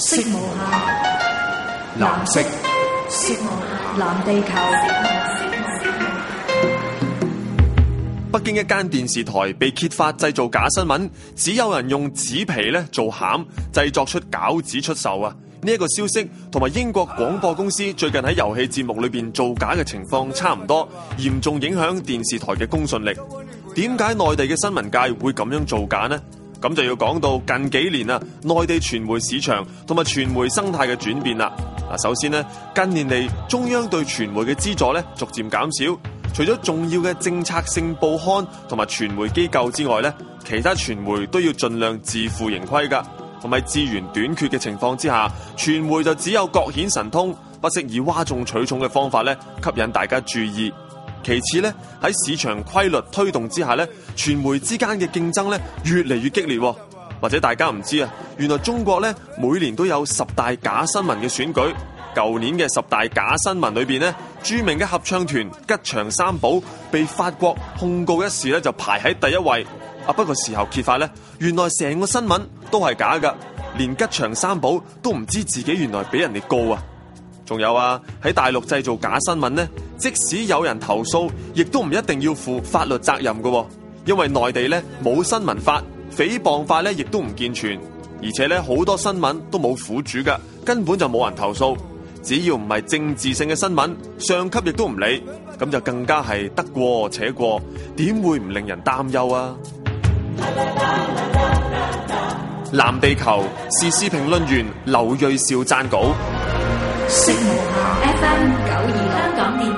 色無下，藍色。色無暇，藍地球。北京一間電視台被揭發製造假新聞，指有人用紙皮咧做餡，製作出餃子出售啊！呢、這、一個消息同埋英國廣播公司最近喺遊戲節目裏邊造假嘅情況差唔多，嚴重影響電視台嘅公信力。點解內地嘅新聞界會咁樣造假呢？咁就要講到近幾年啊，內地傳媒市場同埋傳媒生態嘅轉變啦。嗱，首先呢，近年嚟中央對傳媒嘅資助咧逐漸減少，除咗重要嘅政策性報刊同埋傳媒機構之外咧，其他傳媒都要盡量自負盈虧噶，同埋資源短缺嘅情況之下，傳媒就只有各顯神通，不惜以嘩眾取寵嘅方法咧，吸引大家注意。其次咧，喺市場規律推動之下咧，傳媒之間嘅競爭咧越嚟越激烈哦。或者大家唔知啊，原來中國咧每年都有十大假新聞嘅選舉。舊年嘅十大假新聞裏面呢，著名嘅合唱團吉祥三寶被法國控告一事咧就排喺第一位。啊，不過事後揭發咧，原來成個新聞都係假噶，連吉祥三寶都唔知自己原來畀人哋告啊。仲有啊，喺大陸製造假新聞呢。即使有人投訴，亦都唔一定要負法律責任嘅，因為內地咧冇新聞法、誹謗法咧，亦都唔健全，而且咧好多新聞都冇苦主噶，根本就冇人投訴。只要唔係政治性嘅新聞，上級亦都唔理，咁就更加係得過且過，點會唔令人擔憂啊？藍地球時事評論員劉銳紹撰稿。色 FM 九二六香港電。